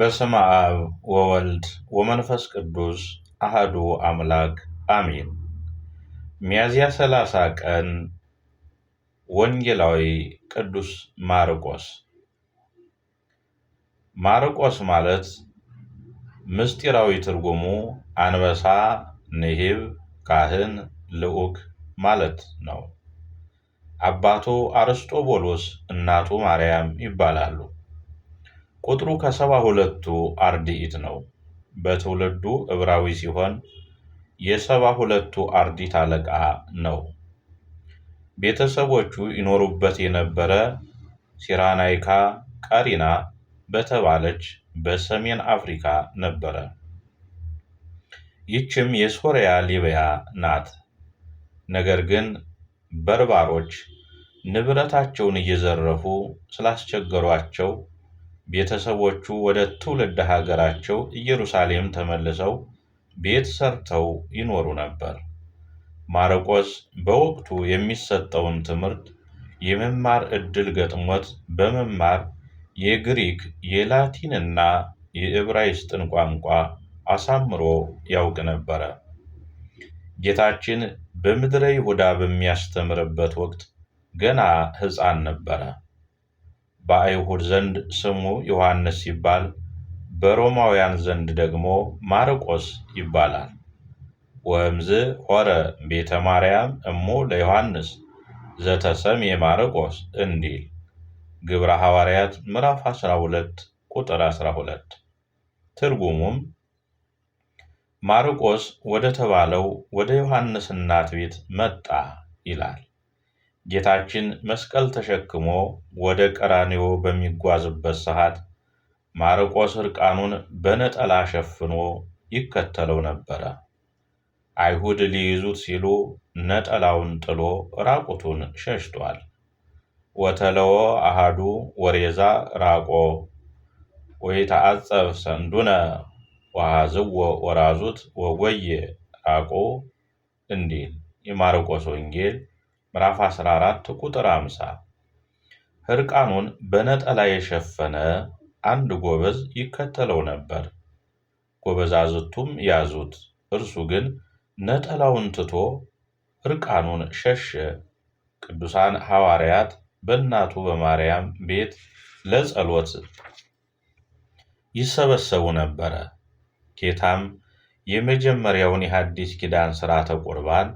በስመ አብ ወወልድ ወመንፈስ ቅዱስ አህዱ አምላክ አሚን። ሚያዝያ 30 ቀን ወንጌላዊ ቅዱስ ማርቆስ። ማርቆስ ማለት ምስጢራዊ ትርጉሙ አንበሳ፣ ንሂብ፣ ካህን፣ ልዑክ ማለት ነው። አባቱ አርስጦቦሎስ እናቱ ማርያም ይባላሉ። ቁጥሩ ከሰባ ሁለቱ አርድእት ነው። በትውልዱ ዕብራዊ ሲሆን የሰባ ሁለቱ አርድእት አለቃ ነው። ቤተሰቦቹ ይኖሩበት የነበረ ሲራናይካ ቀሪና በተባለች በሰሜን አፍሪካ ነበረ። ይህችም የሶሪያ ሊቢያ ናት። ነገር ግን በርባሮች ንብረታቸውን እየዘረፉ ስላስቸገሯቸው ቤተሰቦቹ ወደ ትውልድ ሀገራቸው ኢየሩሳሌም ተመልሰው ቤት ሰርተው ይኖሩ ነበር። ማርቆስ በወቅቱ የሚሰጠውን ትምህርት የመማር ዕድል ገጥሞት በመማር የግሪክ የላቲንና የዕብራይስጥን ቋንቋ አሳምሮ ያውቅ ነበረ። ጌታችን በምድረ ይሁዳ በሚያስተምርበት ወቅት ገና ሕፃን ነበረ። በአይሁድ ዘንድ ስሙ ዮሐንስ ይባል በሮማውያን ዘንድ ደግሞ ማርቆስ ይባላል። ወእምዝ ሆረ ቤተ ማርያም እሙ ለዮሐንስ ዘተሰምየ ማርቆስ እንዲል ግብረ ሐዋርያት ምዕራፍ 12 ቁጥር 12። ትርጉሙም ማርቆስ ወደ ተባለው ወደ ዮሐንስ እናት ቤት መጣ ይላል። ጌታችን መስቀል ተሸክሞ ወደ ቀራንዮ በሚጓዝበት ሰዓት ማርቆስ እርቃኑን በነጠላ ሸፍኖ ይከተለው ነበረ። አይሁድ ሊይዙት ሲሉ ነጠላውን ጥሎ ራቁቱን ሸሽቷል። ወተለዎ አሃዱ ወሬዛ ራቆ ወይተአጸብ ሰንዱነ ወሃዝዎ ወራዙት ወጎየ ራቆ እንዲል የማርቆስ ወንጌል ምዕራፍ 14 ቁጥር 50 ሕርቃኑን በነጠላ የሸፈነ አንድ ጎበዝ ይከተለው ነበር። ጎበዛዝቱም ያዙት። እርሱ ግን ነጠላውን ትቶ እርቃኑን ሸሸ። ቅዱሳን ሐዋርያት በእናቱ በማርያም ቤት ለጸሎት ይሰበሰቡ ነበረ። ጌታም የመጀመሪያውን የሐዲስ ኪዳን ሥርዓተ ቁርባን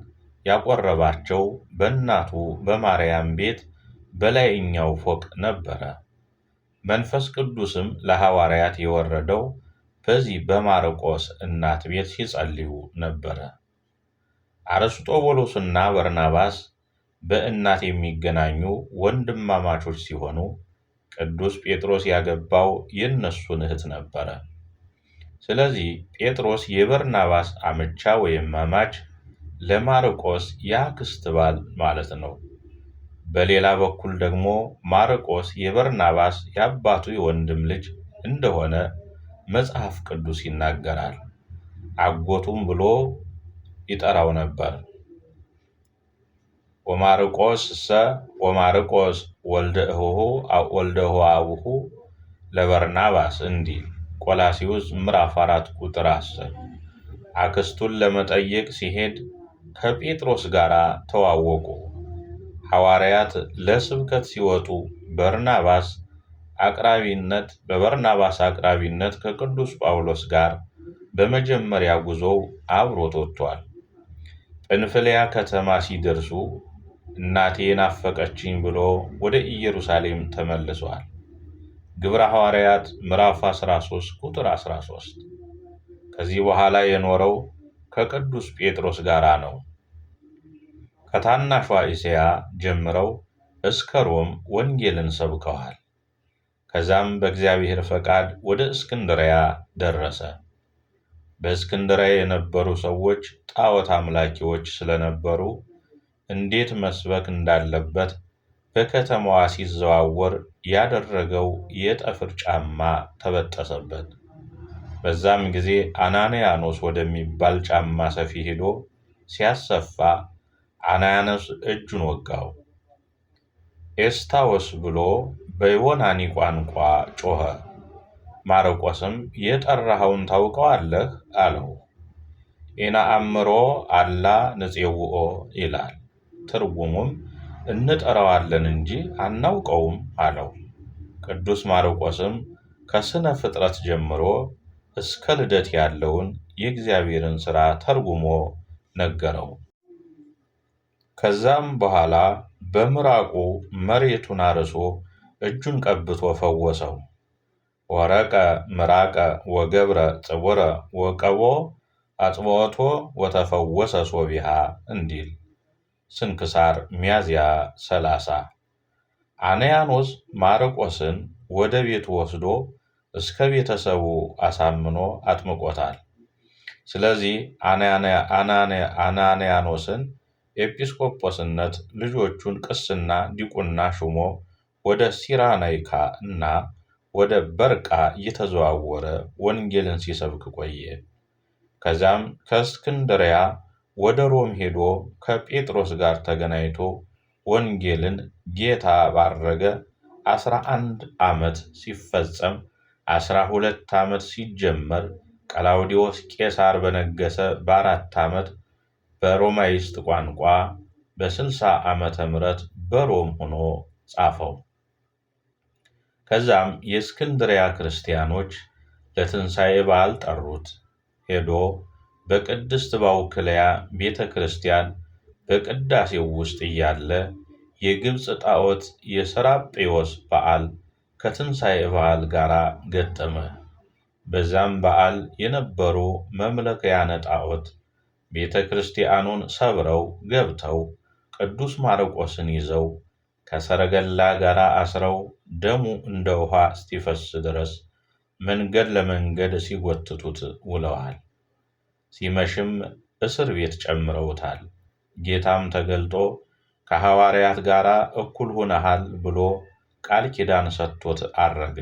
ያቆረባቸው በእናቱ በማርያም ቤት በላይኛው ፎቅ ነበረ። መንፈስ ቅዱስም ለሐዋርያት የወረደው በዚህ በማርቆስ እናት ቤት ሲጸልዩ ነበረ። አርስጦቦሎስና በርናባስ በእናት የሚገናኙ ወንድማማቾች ሲሆኑ ቅዱስ ጴጥሮስ ያገባው የእነሱን እህት ነበረ። ስለዚህ ጴጥሮስ የበርናባስ አምቻ ወይም አማች ለማርቆስ የአክስት ባል ማለት ነው። በሌላ በኩል ደግሞ ማርቆስ የበርናባስ የአባቱ የወንድም ልጅ እንደሆነ መጽሐፍ ቅዱስ ይናገራል። አጎቱም ብሎ ይጠራው ነበር። ወማርቆስ ሰ ወማርቆስ ወልደ እህሁ ወልደ እህዋውሁ ለበርናባስ እንዲል ቆላሲዩስ ምዕራፍ አራት ቁጥር አስር አክስቱን ለመጠየቅ ሲሄድ ከጴጥሮስ ጋር ተዋወቁ። ሐዋርያት ለስብከት ሲወጡ በርናባስ አቅራቢነት በበርናባስ አቅራቢነት ከቅዱስ ጳውሎስ ጋር በመጀመሪያ ጉዞው አብሮት ወጥቷል። ጵንፍልያ ከተማ ሲደርሱ እናቴ ናፈቀችኝ ብሎ ወደ ኢየሩሳሌም ተመልሷል። ግብረ ሐዋርያት ምዕራፍ 13 ቁጥር 13። ከዚህ በኋላ የኖረው ከቅዱስ ጴጥሮስ ጋር ነው። ከታናሿ እስያ ጀምረው እስከ ሮም ወንጌልን ሰብከዋል። ከዛም በእግዚአብሔር ፈቃድ ወደ እስክንድሪያ ደረሰ። በእስክንድሪያ የነበሩ ሰዎች ጣዖት አምላኪዎች ስለነበሩ እንዴት መስበክ እንዳለበት በከተማዋ ሲዘዋወር ያደረገው የጠፍር ጫማ ተበጠሰበት። በዛም ጊዜ አናንያኖስ ወደሚባል ጫማ ሰፊ ሄዶ ሲያሰፋ አናያነስ እጁን ወጋው። ኤስታወስ ብሎ በዮናኒ ቋንቋ ጮኸ። ማርቆስም የጠራኸውን ታውቀዋለህ አለው። አምሮ አላ ንፄውኦ ይላል። ትርጉሙም እንጠራዋለን እንጂ አናውቀውም አለው። ቅዱስ ማርቆስም ከሥነ ፍጥረት ጀምሮ እስከ ልደት ያለውን የእግዚአብሔርን ሥራ ተርጉሞ ነገረው። ከዛም በኋላ በምራቁ መሬቱን አርሶ እጁን ቀብቶ ፈወሰው። ወረቀ ምራቀ ወገብረ ጽውረ ወቀቦ አጽወቶ ወተፈወሰ ሶቢሃ እንዲል ስንክሳር ሚያዝያ ሰላሳ አነያኖስ ማርቆስን ወደ ቤቱ ወስዶ እስከ ቤተሰቡ አሳምኖ አጥምቆታል። ስለዚህ አናንያኖስን ኤጲስቆጶስነት ልጆቹን ቅስና፣ ዲቁና ሹሞ ወደ ሲራናይካ እና ወደ በርቃ እየተዘዋወረ ወንጌልን ሲሰብክ ቆየ። ከዚያም ከእስክንድሪያ ወደ ሮም ሄዶ ከጴጥሮስ ጋር ተገናኝቶ ወንጌልን ጌታ ባረገ አስራ አንድ ዓመት ሲፈጸም አስራ ሁለት ዓመት ሲጀመር ቀላውዲዎስ ቄሳር በነገሰ በአራት ዓመት በሮማይስጥ ቋንቋ በ60 ዓመተ ምህረት በሮም ሆኖ ጻፈው። ከዛም የእስክንድሪያ ክርስቲያኖች ለትንሣኤ በዓል ጠሩት። ሄዶ በቅድስት ባውክልያ ቤተ ክርስቲያን በቅዳሴው ውስጥ እያለ የግብፅ ጣዖት የሰራጴዎስ በዓል ከትንሣኤ በዓል ጋር ገጠመ። በዛም በዓል የነበሩ መምለኪያነ ጣዖት ቤተ ክርስቲያኑን ሰብረው ገብተው ቅዱስ ማርቆስን ይዘው ከሰረገላ ጋር አስረው ደሙ እንደ ውሃ እስኪፈስ ድረስ መንገድ ለመንገድ ሲጎትቱት ውለዋል። ሲመሽም እስር ቤት ጨምረውታል። ጌታም ተገልጦ ከሐዋርያት ጋር እኩል ሆነሃል ብሎ ቃል ኪዳን ሰጥቶት አረገ።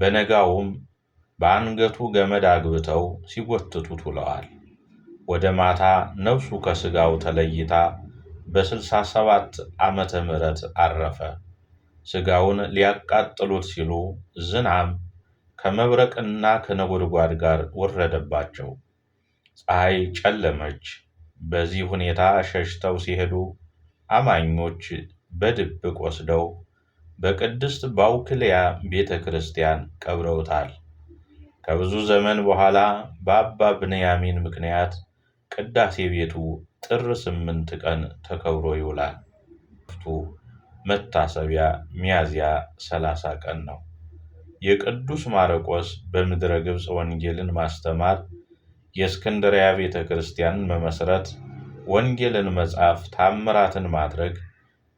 በነጋውም በአንገቱ ገመድ አግብተው ሲጎትቱት ውለዋል። ወደ ማታ ነፍሱ ከስጋው ተለይታ በ67 ዓመተ ምህረት አረፈ። ስጋውን ሊያቃጥሉት ሲሉ ዝናም ከመብረቅና ከነጎድጓድ ጋር ወረደባቸው። ፀሐይ ጨለመች። በዚህ ሁኔታ ሸሽተው ሲሄዱ አማኞች በድብቅ ወስደው በቅድስት ባውክልያ ቤተ ክርስቲያን ቀብረውታል። ከብዙ ዘመን በኋላ በአባ ብንያሚን ምክንያት ቅዳሴ ቤቱ ጥር ስምንት ቀን ተከብሮ ይውላል። ክፍቱ መታሰቢያ ሚያዝያ 30 ቀን ነው። የቅዱስ ማረቆስ በምድረ ግብፅ ወንጌልን ማስተማር፣ የእስክንድሪያ ቤተ ክርስቲያንን መመስረት፣ ወንጌልን መጻፍ፣ ታምራትን ማድረግ፣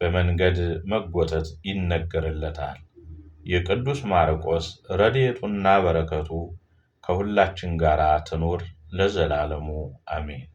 በመንገድ መጎተት ይነገርለታል። የቅዱስ ማረቆስ ረድኤቱና በረከቱ ከሁላችን ጋር ትኑር Le Zola, le Mou, Amen.